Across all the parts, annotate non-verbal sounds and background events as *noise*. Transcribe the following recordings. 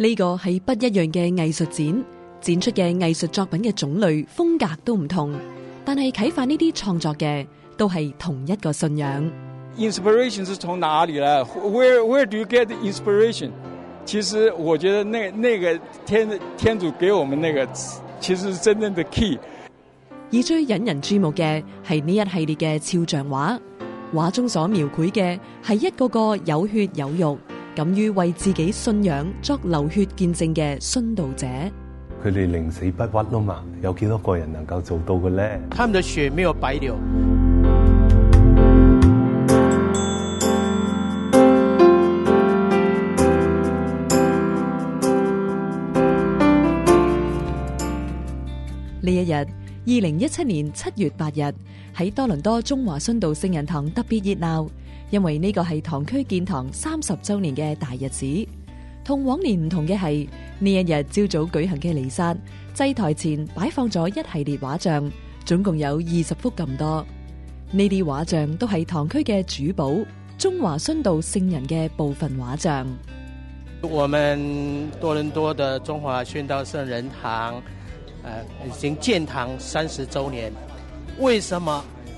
呢個係不一樣嘅藝術展，展出嘅藝術作品嘅種類、風格都唔同，但係啟發呢啲創作嘅都係同一個信仰。Inspiration 是從哪裏呢？Where,Where do you get inspiration？其實我覺得那個、那個、天,天主給我們那個，其實是真正的 key。而最引人注目的係呢一系列嘅肖像畫，畫中所描繪嘅係一個個有血有肉。敢於為自己信仰作流血見證嘅殉道者，佢哋寧死不屈吖嘛！有幾多個人能夠做到嘅咧？他們的血沒有白流。呢一日，二零一七年七月八日喺多倫多中華殉道聖人堂特別熱鬧。因為呢個係堂區建堂三十周年嘅大日子，同往年唔同嘅係呢一日朝早舉行嘅彌撒祭台前擺放咗一系列畫像，總共有二十幅咁多。呢啲畫像都係堂區嘅主保中華殉道聖人嘅部分畫像。我們多倫多的中華殉道聖人堂誒，正、呃、建堂三十周年，為什麼？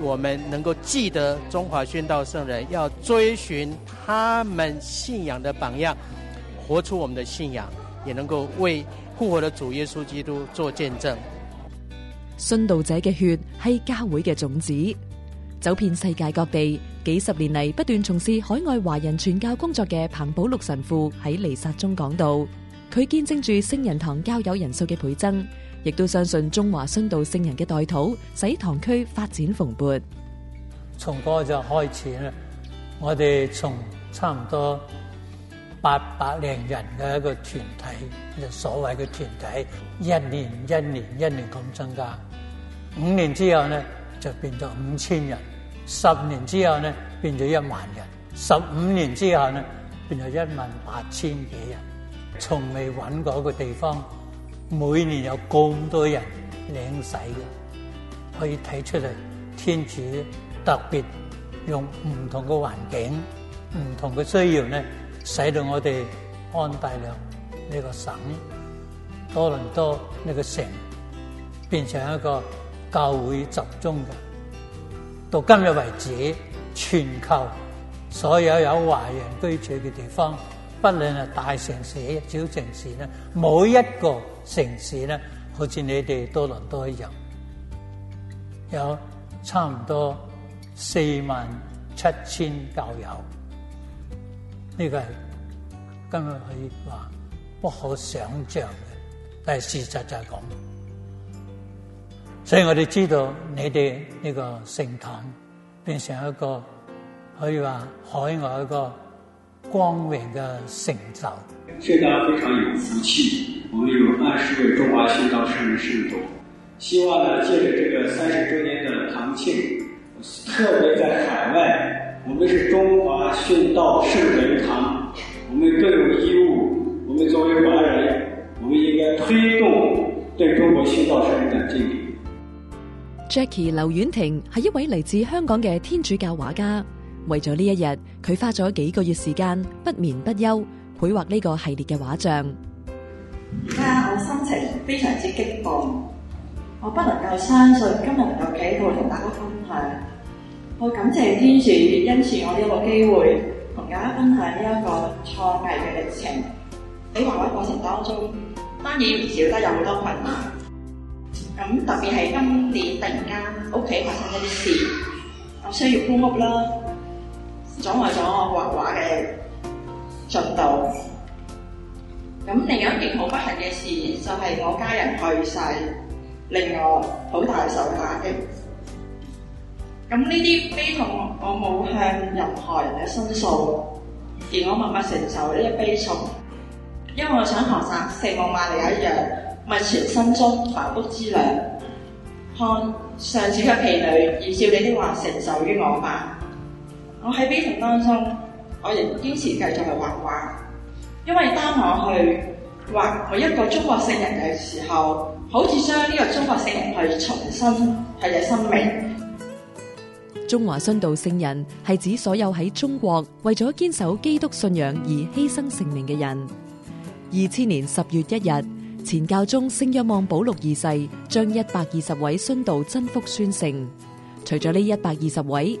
我們能夠記得中華宣道聖人，要追尋他們信仰的榜樣，活出我們的信仰，也能夠為復活的主耶穌基督做見證。殉道者嘅血係教會嘅種子，走遍世界各地，幾十年嚟不斷從事海外華人傳教工作嘅彭寶祿神父喺彌撒中講道，佢見證住聖人堂交友人數嘅倍增。亦都相信中華殉道聖人嘅代禱使堂區發展蓬勃。從嗰陣開始咧，我哋從差唔多八百零人嘅一個團體，就所謂嘅團體，一年一年一年咁增加。五年之後咧，就變到五千人；十年之後咧，變咗一萬人；十五年之後咧，變咗一萬八千幾人。從未揾過一個地方。每年有咁多人領洗嘅，可以睇出嚟，天主特別用唔同嘅環境、唔同嘅需要咧，使到我哋安大略呢個省、多倫多呢個城，變成一個教會集中嘅。到今日為止，全球所有有華人居住嘅地方。不論係大城市、小城市咧，每一個城市咧，好似你哋多倫多一樣有，有差唔多四萬七千教友，呢、這個係今日可以話不可想象嘅，但係事實就係咁。所以我哋知道你哋呢個聖堂變成一個可以話海外一個。光榮嘅成就，大家非常有福氣。我們有二十位中華殉道聖人聖徒，希望呢借着這個三十周年的堂慶，特別在海外，我們是中華殉道聖人堂，我們更有義務，我們作為華人，我們應該推動對中國殉道聖人的敬禮。Jackie 劉婉婷係一位嚟自香港嘅天主教畫家。為咗呢一日，佢花咗幾個月時間，不眠不休繪畫呢個系列嘅畫像。而家我心情非常之激動，我不能夠相信今日能夠企喺度同大家分享。我感謝天主，恩賜我呢一個機會，同大家分享呢一個創藝嘅旅程。喺畫畫過程當中，當然唔少得有好多困難，咁特別係今年突然間屋企發生一啲事，我需要搬屋啦。阻礙咗我畫畫嘅進度。咁另外一件好不幸嘅事就係我家人去世，令我好大受打擊。咁呢啲悲痛我冇向任何人嘅申訴，而我默默承受呢啲悲痛，因為我想學聖母瑪利亞一樣，物傳心中，反覆思量，看上次嘅疲累，以照你的話承受於我吧。我喺悲痛當中，我仍堅持繼續去畫畫，因為當我去畫每一個中國聖人嘅時候，好似將呢個中國聖人去重新係有生命。中華殉道聖人係指所有喺中國為咗堅守基督信仰而犧牲性命嘅人。二千年十月一日，前教宗聖約望保祿二世將一百二十位殉道真福宣聖。除咗呢一百二十位。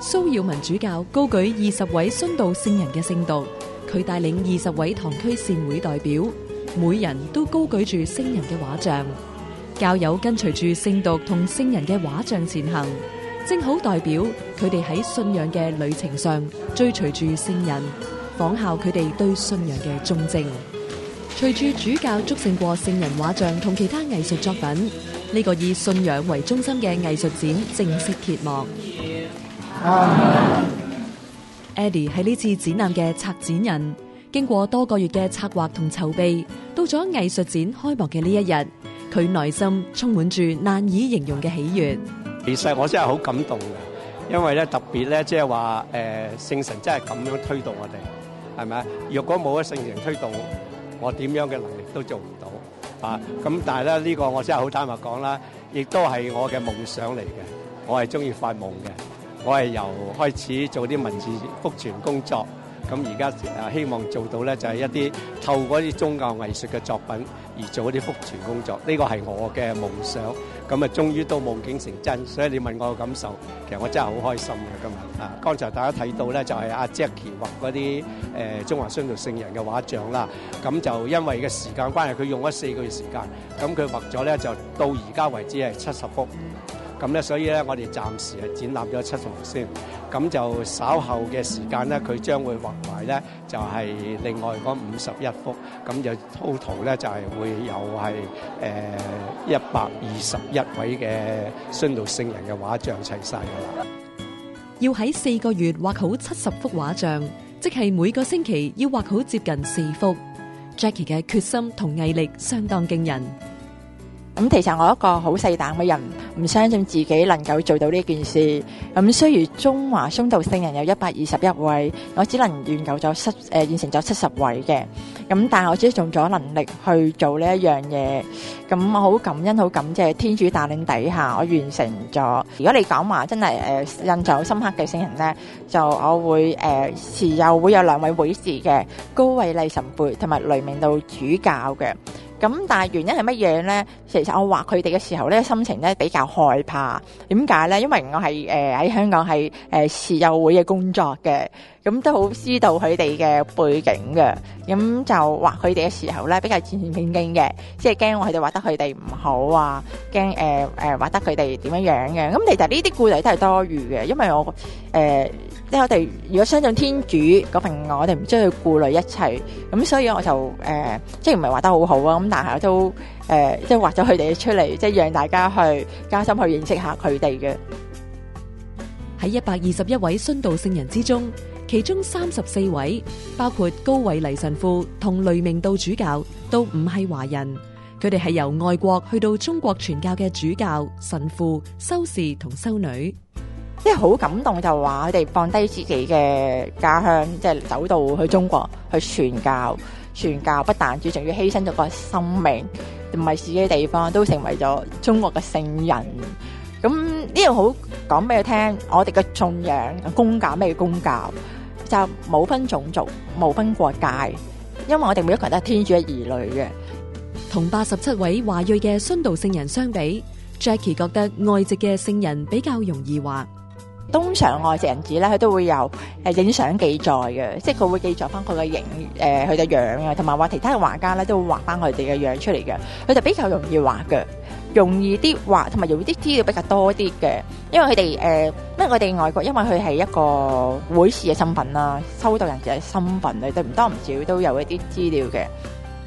蘇耀文主教高舉二十位殉道聖人嘅聖髑，佢帶領二十位堂區善會代表，每人都高舉住聖人嘅畫像，教友跟隨住聖髑同聖人嘅畫像前行，正好代表佢哋喺信仰嘅旅程上追隨住聖人，仿效佢哋對信仰嘅忠貞。隨住主教祝聖過聖人畫像同其他藝術作品，呢個以信仰為中心嘅藝術展正式揭幕。Eddie 係呢次展覽嘅策展人，經過多個月嘅策劃同籌備，到咗藝術展開幕嘅呢一日，佢內心充滿住難以形容嘅喜悅。其實我真係好感動嘅，因為咧特別咧即係話誒，聖神真係咁樣推動我哋，係咪啊？若果冇咗聖神推動，我點樣嘅能力都做唔到啊。咁但係咧呢個我真係好坦白講啦，亦都係我嘅夢想嚟嘅。我係中意發夢嘅。我係由開始做啲文字福傳工作，咁而家希望做到咧就係一啲透過啲宗教藝術嘅作品而做啲福傳工作，呢個係我嘅夢想，咁啊終於都夢境成真，所以你問我嘅感受，其實我真係好開心嘅今日啊！剛才大家睇到咧就係阿 Jacky 畫嗰啲中華商道聖人嘅畫像啦，咁就因為嘅時間關係，佢用咗四個月時間，咁佢畫咗咧就到而家為止係七十幅。咁咧，所以咧，我哋暫時係展覽咗七十幅先，咁就稍後嘅時間咧，佢將會畫埋咧，就係另外嗰五十一幅，咁就 total 咧就係會有係誒一百二十一位嘅殉道聖人嘅畫像齊曬㗎啦。要喺四個月畫好七十幅畫像，即係每個星期要畫好接近四幅，Jackie 嘅決心同毅力相當驚人。咁其實我一個好細膽嘅人。唔相信自己能夠做到呢件事，咁雖然中華殉道聖人有一百二十一位，我只能完成咗七誒完成咗七十位嘅，咁但係我自己盡咗能力去做呢一樣嘢，咁我好感恩、好感謝天主帶領底下，我完成咗。如果你講話真係誒印象好深刻嘅聖人咧，就我會誒遲後會有兩位會士嘅高惠黎神父同埋雷鳴道主教嘅。咁但係原因係乜嘢咧？其實我畫佢哋嘅時候咧，心情咧比較害怕。點解咧？因為我係誒喺香港係誒慈幼會嘅工作嘅。咁、嗯、都好知道佢哋嘅背景嘅，咁、嗯、就畫佢哋嘅時候咧比較戰戰兢兢嘅，即係驚我哋畫得佢哋唔好啊，驚誒誒畫得佢哋點樣樣、啊、嘅。咁其實呢啲顧慮都係多餘嘅，因為我誒即係我哋如果相信天主嗰份我哋唔需要去顧慮一切。咁、嗯、所以我就誒、呃、即係唔係畫得好好啊，咁但係我都誒即係畫咗佢哋出嚟，即係讓大家去加深去認識下佢哋嘅。喺一百二十一位殉道聖人之中。其中三十四位，包括高偉黎神父同雷鳴道主教，都唔係華人。佢哋係由外國去到中國傳教嘅主教、神父、修士同修女，即係好感動就話佢哋放低自己嘅家鄉，即係走到去中國去傳教。傳教不但止，仲要犧牲咗個生命，唔係自己地方都成為咗中國嘅聖人。咁呢樣好講俾佢聽，我哋嘅信仰、公教，咩叫公教？就冇分種族、冇分國界，因為我哋每一群都係天主嘅兒女嘅。同八十七位華裔嘅殉道聖人相比，Jackie 覺得外籍嘅聖人比較容易畫。通常外籍人士咧，佢都會有誒影相記載嘅，即係佢會記載翻佢嘅形誒佢嘅樣啊，同埋話其他嘅畫家咧都會畫翻佢哋嘅樣出嚟嘅，佢就比較容易畫嘅。容易啲畫，同埋容易啲資料比較多啲嘅，因為佢哋誒，因為我哋外國，因為佢係一個會士嘅身份啦，修道人嘅身份啊，都唔多唔少都有一啲資料嘅。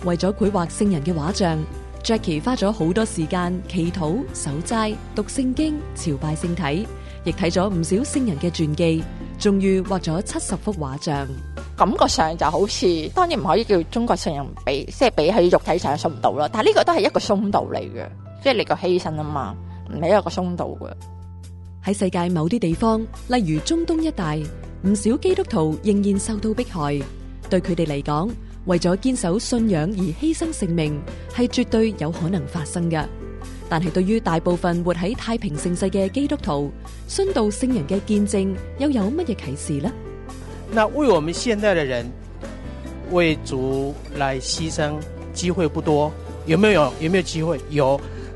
為咗繪畫聖人嘅畫像，Jackie 花咗好多時間祈禱、守齋、讀聖經、朝拜聖體，亦睇咗唔少聖人嘅傳記，仲要畫咗七十幅畫像。感覺上就好似當然唔可以叫中國聖人比，即係比起肉體上受唔到啦。但係呢個都係一個通道嚟嘅。即係你個犧牲啊嘛，你係一個殉道嘅。喺世界某啲地方，例如中東一帶，唔少基督徒仍然受到迫害。對佢哋嚟講，為咗堅守信仰而犧牲性命，係絕對有可能發生嘅。但係對於大部分活喺太平盛世嘅基督徒，殉道聖人嘅見證又有乜嘢啟示呢？那為我們現在嘅人為主來犧牲機會不多，有沒有？有沒有機會？有。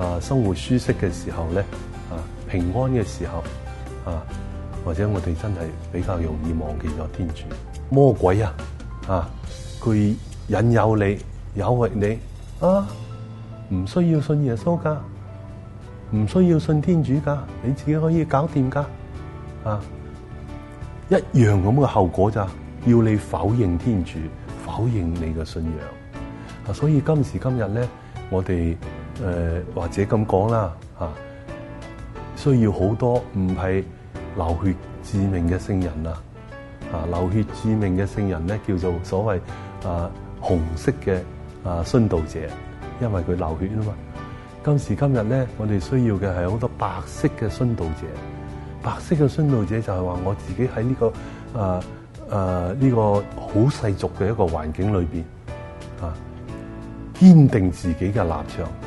啊，生活舒適嘅時候咧，啊，平安嘅時候啊，或者我哋真係比較容易忘記咗天主，魔鬼啊，啊，佢引誘你，誘惑你啊，唔需要信耶穌㗎，唔需要信天主㗎，你自己可以搞掂㗎，啊，一樣咁嘅後果咋，要你否認天主，否認你嘅信仰，啊，所以今時今日咧，我哋。誒、呃、或者咁講啦嚇，需要好多唔係流血致命嘅聖人啊！啊，流血致命嘅聖人咧叫做所謂啊紅色嘅啊殉道者，因為佢流血啊嘛。今時今日咧，我哋需要嘅係好多白色嘅殉道者。白色嘅殉道者就係話我自己喺呢、這個誒誒呢個好世俗嘅一個環境裏邊啊。堅定自己嘅立場，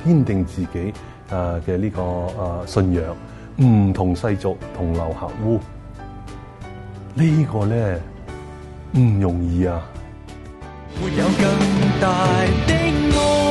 堅定自己誒嘅呢個誒、呃、信仰，唔同世俗同流合污，呢個、呢個咧唔容易啊！沒有更大的愛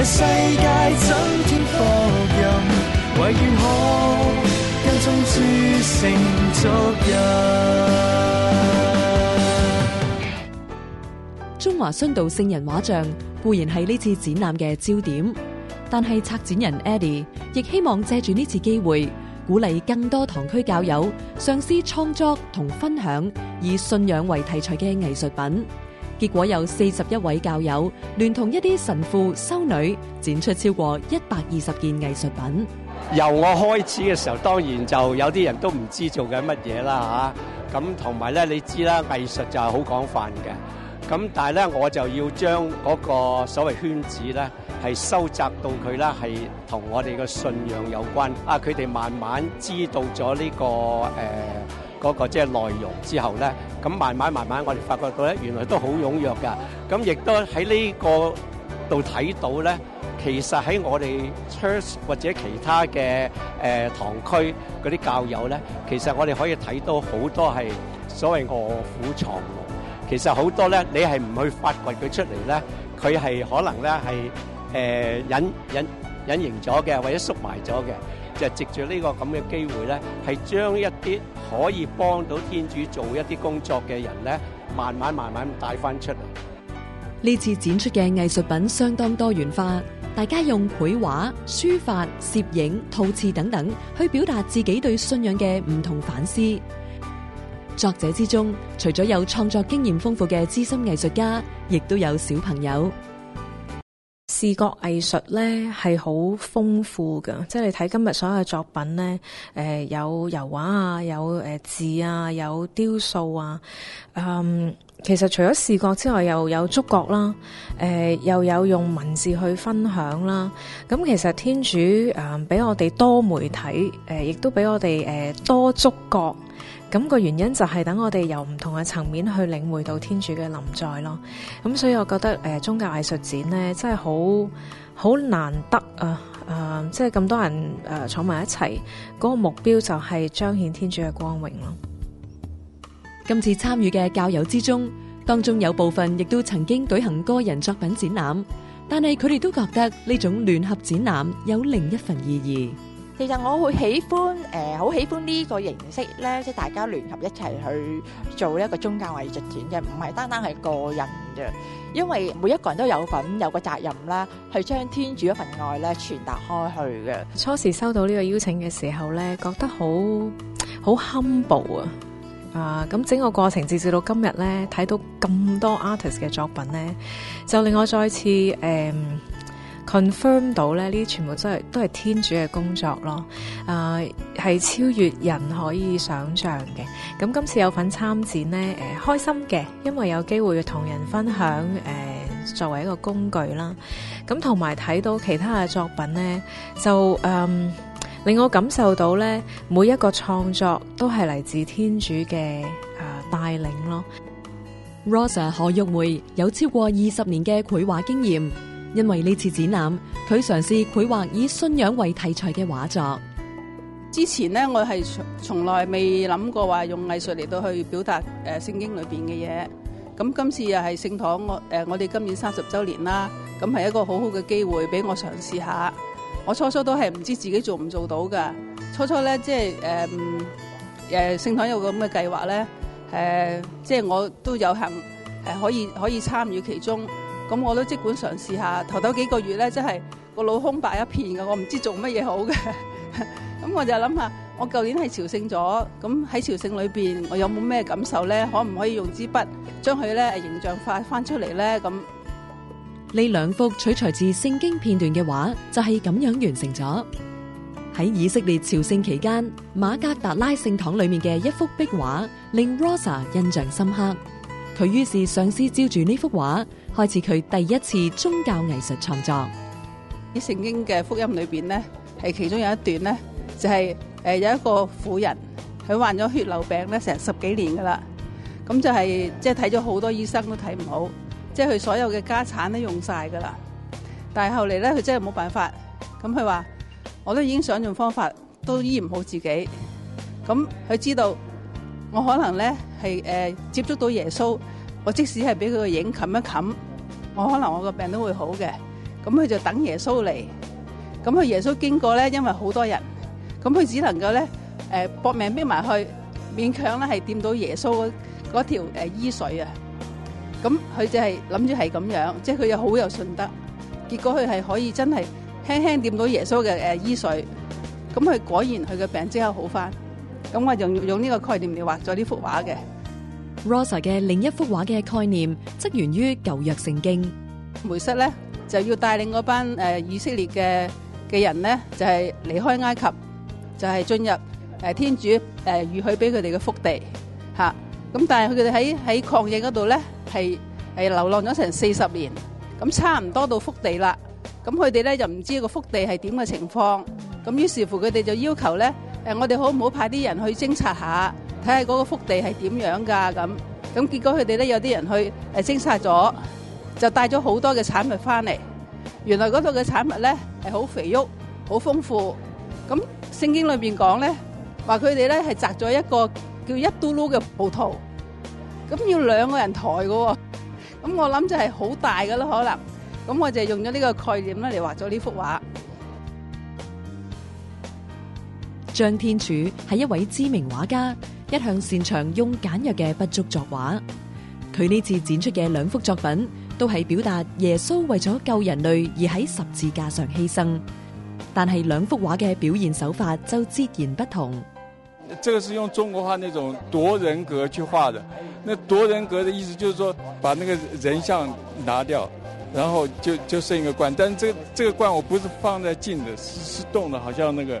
這世界增添服任，為願可更中注成昨日。中華殉道聖人畫像固然係呢次展覽嘅焦點，但係策展人 Eddie 亦希望借住呢次機會，鼓勵更多堂區教友上司創作同分享以信仰為題材嘅藝術品。結果有四十一位教友，聯同一啲神父、修女，展出超過一百二十件藝術品。由我開始嘅時候，當然就有啲人都唔知做緊乜嘢啦，吓咁同埋咧，你知啦，藝術就係好廣泛嘅。咁但係咧，我就要將嗰個所謂圈子咧，係收窄到佢咧係同我哋嘅信仰有關。啊，佢哋慢慢知道咗呢個誒。嗰個即係內容之後咧，咁慢慢慢慢，我哋發覺到咧，原來都好踴躍㗎。咁亦都喺呢個度睇到咧，其實喺我哋 Church 或者其他嘅誒堂區嗰啲教友咧，其實我哋可以睇到好多係所謂臥虎藏龍。其實好多咧，你係唔去發掘佢出嚟咧，佢係可能咧係誒隱隱隱形咗嘅，或者縮埋咗嘅。就係藉著呢個咁嘅機會咧，係將一啲可以幫到天主做一啲工作嘅人咧，慢慢慢慢帶翻出嚟。呢次展出嘅藝術品相當多元化，大家用繪畫、書法、攝影、陶瓷等等去表達自己對信仰嘅唔同反思。作者之中，除咗有創作經驗豐富嘅資深藝術家，亦都有小朋友。視覺藝術咧，係好豐富嘅，即係你睇今日所有嘅作品咧，誒、呃、有油畫啊，有誒、呃、字啊，有雕塑啊，嗯、其實除咗視覺之外，又有觸覺啦，誒、呃、又有用文字去分享啦，咁、嗯、其實天主啊俾、呃、我哋多媒體，誒、呃、亦都俾我哋誒、呃、多觸覺。咁個原因就係等我哋由唔同嘅層面去領會到天主嘅臨在咯。咁所以我覺得誒，宗教藝術展咧真係好好難得啊！誒、呃，即係咁多人誒坐埋一齊，嗰、嗰個目標就係彰顯天主嘅光榮咯。今次參與嘅教友之中，當中有部分亦都曾經舉行個人作品展覽，但係佢哋都覺得呢種聯合展覽有另一份意義。其實我好喜歡，誒好喜歡呢個形式咧，即係大家聯合一齊去做呢一個宗教藝術展嘅，唔係單單係個人嘅，因為每一個人都有份，有個責任啦，去將天主一份愛咧傳達開去嘅。初時收到呢個邀請嘅時候咧，覺得好好 humble 啊，啊咁整個過程，直至到今日咧，睇到咁多 artist 嘅作品咧，就令我再次誒、confirm 到咧，呢啲全部真係都係天主嘅工作咯。啊、呃，係超越人可以想象嘅。咁今次有份參展咧，誒、呃、開心嘅，因為有機會同人分享誒、呃、作為一個工具啦。咁同埋睇到其他嘅作品咧，就嗯、呃、令我感受到咧，每一個創作都係嚟自天主嘅啊、呃、帶領咯。Rosa 何玉梅有超過二十年嘅繪畫經驗。因為呢次展覽，佢嘗試繪畫以信仰為題材嘅畫作。之前咧，我係從來未諗過話用藝術嚟到去表達誒聖經裏邊嘅嘢。咁今次又係聖堂，我誒我哋今年三十周年啦，咁係一個好好嘅機會俾我嘗試下。我初初都係唔知自己做唔做到噶。初初咧，就是，即係誒誒聖堂有個咁嘅計劃咧，誒即係我都有幸誒可以可以，可以參與其中。咁我都即管嘗試下，頭頭幾個月咧，真係個腦空白一片嘅，我唔知做乜嘢好嘅。咁 *laughs* 我就諗下，我舊年係朝聖咗，咁喺朝聖裏面，我有冇咩感受咧？可唔可以用支筆將佢咧形象化翻出嚟咧？咁呢兩幅取材自聖經片段嘅畫就係、是、咁樣完成咗。喺以色列朝聖期間，馬格達拉聖堂裏面嘅一幅壁畫令 Rosa 印象深刻，佢於是嘗試照住呢幅畫。開始佢第一次宗教藝術創作。喺聖經嘅福音裏邊咧，係其中有一段咧，就係、是、誒有一個婦人，佢患咗血流病咧成十幾年噶啦，咁就係即係睇咗好多醫生都睇唔好，即係佢所有嘅家產都用晒噶啦。但係後嚟咧，佢真係冇辦法，咁佢話我都已經想盡方法都醫唔好自己，咁佢知道我可能咧係誒接觸到耶穌，我即使係俾佢個影冚一冚。我可能我個病都會好嘅，咁佢就等耶穌嚟，咁佢耶穌經過咧，因為好多人，咁佢只能夠咧，誒、呃、搏命逼埋去，勉強咧係掂到耶穌嗰嗰條誒、呃、衣水啊，咁佢就係諗住係咁樣，即係佢又好有信德，結果佢係可以真係輕輕掂到耶穌嘅誒、呃、衣水，咁佢果然佢個病之後好返，咁我就用呢個概念嚟畫咗呢幅畫嘅。Rosa 嘅另一幅畫嘅概念，則源於舊約聖經。梅瑟咧就要帶領嗰班誒以色列嘅嘅人呢，就係、是、離開埃及，就係、是、進入誒天主誒預許俾佢哋嘅福地吓。咁、嗯、但係佢哋喺喺曠野嗰度咧，係係流浪咗成四十年，咁差唔多到福地啦。咁佢哋咧就唔知個福地係點嘅情況。咁於是乎佢哋就要求咧，誒我哋好唔好派啲人去偵察一下。睇下嗰個福地係點樣噶咁，咁結果佢哋咧，有啲人去誒偵察咗，就帶咗好多嘅產物翻嚟。原來嗰度嘅產物咧係好肥沃、好豐富。咁聖經裏邊講咧，話佢哋咧係摘咗一個叫一嘟嚕嘅葡萄，咁要兩個人抬㗎喎。咁我諗就係好大㗎喇，可能。咁我就用咗呢個概念咧嚟畫咗呢幅畫。張天柱係一位知名畫家。一向擅長用簡約嘅筆觸，作畫。佢呢次展出嘅兩幅作品都係表達耶穌為咗救人類而喺十字架上犧牲，但係兩幅畫嘅表現手法就截然不同。這個是用中國畫那種奪人格去畫的，那奪人格的意思就是說把那個人像拿掉，然後就就剩一個冠，但這個這個冠我不是放在靜的，是是動的，好像那個。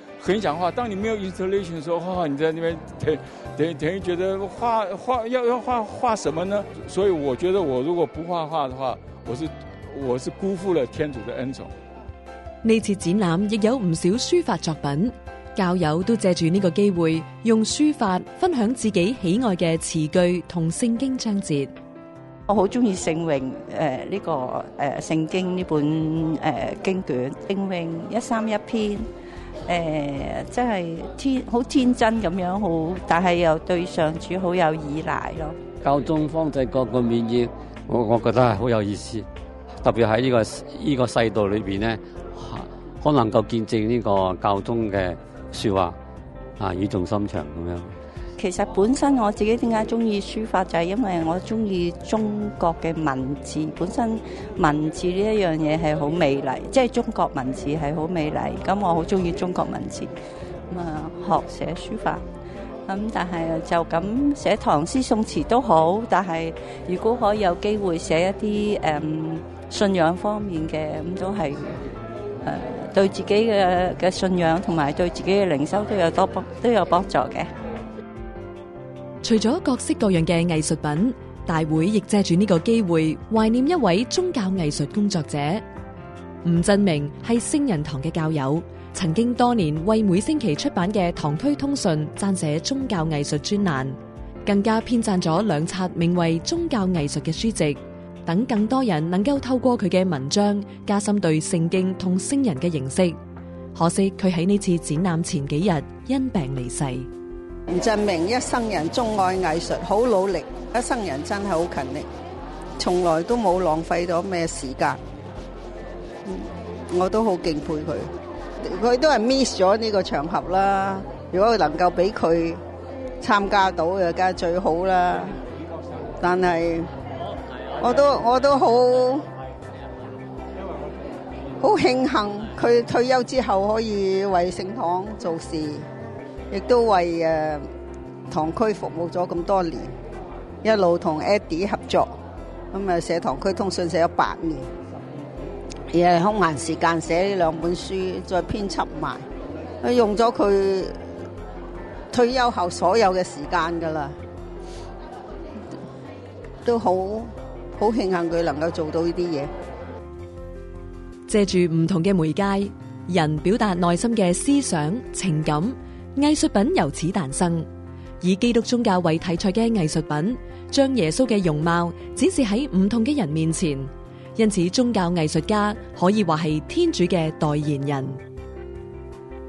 很想畫，當你沒有 installation 的時候，你喺那邊等等等於覺得畫畫要要畫畫什麼呢？所以我覺得我如果不畫畫的話，我是我是辜負了天主的恩寵。呢次展覽亦有唔少書法作品，教友都借住呢個機會用書法分享自己喜愛嘅詞句同聖經章節。我好中意聖詠誒呢個誒聖經呢本誒經卷聖詠一三一篇。誒，即係天好天真咁樣，好，但係又對上主好有依賴咯。教宗方濟各嘅勉勵，我我覺得係好有意思，特別喺呢、這個呢、這個世道裏邊咧，可能夠見證呢個教宗嘅說話啊語重心長咁樣。其實本身我自己點解中意書法，就係因為我中意中國嘅文字。本身文字呢一樣嘢係好美麗，即係中國文字係好美麗。咁、嗯、我好中意中國文字，咁、嗯、啊學寫書法。咁、嗯、但係就咁寫唐詩宋詞，詞都好。但係如果可以有機會寫一啲誒、嗯、信仰方面嘅，咁、嗯、都係誒、嗯、對自己嘅嘅信仰同埋對自己嘅靈修都有多幫都有幫助嘅。除咗各式各樣嘅藝術品，大會亦借住呢個機會懷念一位宗教藝術工作者吳振明，係聖人堂嘅教友，曾經多年為每星期出版嘅《堂區通訊》撰寫宗教藝術專欄，更加編撰咗兩冊名為《宗教藝術》嘅書籍，等更多人能夠透過佢嘅文章加深對聖經同聖人嘅認識。可惜佢喺呢次展覽前幾日因病離世。吳鎮明一生人鍾愛藝術，好努力，一生人真係好勤力，從來都冇浪費咗咩時間，我都好敬佩佢。佢都係 miss 咗呢個場合啦。如果佢能夠俾佢參加到，就梗係最好啦。但係，我都我都好好慶幸佢退休之後可以為聖堂做事。亦都為誒堂區服務咗咁多年，一路同 Eddie 合作，咁啊寫堂區通訊寫咗八年，而係空閒時間寫呢兩本書，再編輯埋，用咗佢退休後所有嘅時間噶啦，都好好慶幸佢能夠做到呢啲嘢，借住唔同嘅媒介，人表達內心嘅思想情感。藝術品由此誕生，以基督宗教為題材嘅藝術品，將耶穌嘅容貌展示喺唔同嘅人面前。因此，宗教藝術家可以話係天主嘅代言人。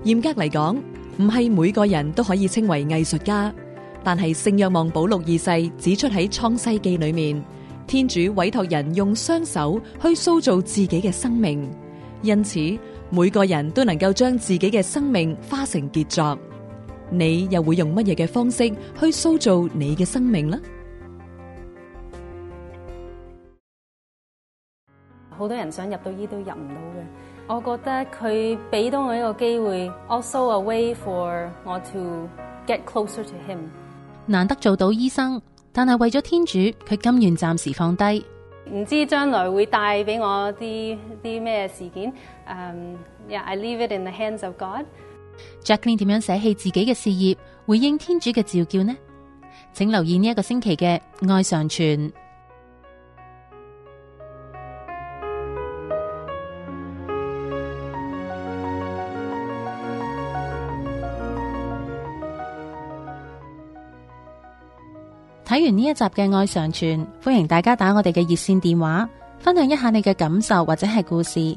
嚴格嚟講，唔係每個人都可以稱為藝術家，但係聖約望保祿二世指出喺創世紀裏面，天主委託人用雙手去塑造自己嘅生命，因此每個人都能夠將自己嘅生命化成傑作。你又會用乜嘢嘅方式去塑造你嘅生命呢？好多人想入到醫都入唔到嘅，我覺得佢俾到我一個機會，also a way for 我 to get closer to him。難得做到醫生，但係為咗天主，佢甘願暫時放低。唔知將來會帶俾我啲啲咩嘢事件。嗯，yeah，I leave it in the hands of God。Jacklin 點樣捨棄自己嘅事業，回應天主嘅召叫呢？請留意呢一個星期嘅愛常傳。睇完呢一集嘅愛常傳，歡迎大家打我哋嘅熱線電話，分享一下你嘅感受或者係故事。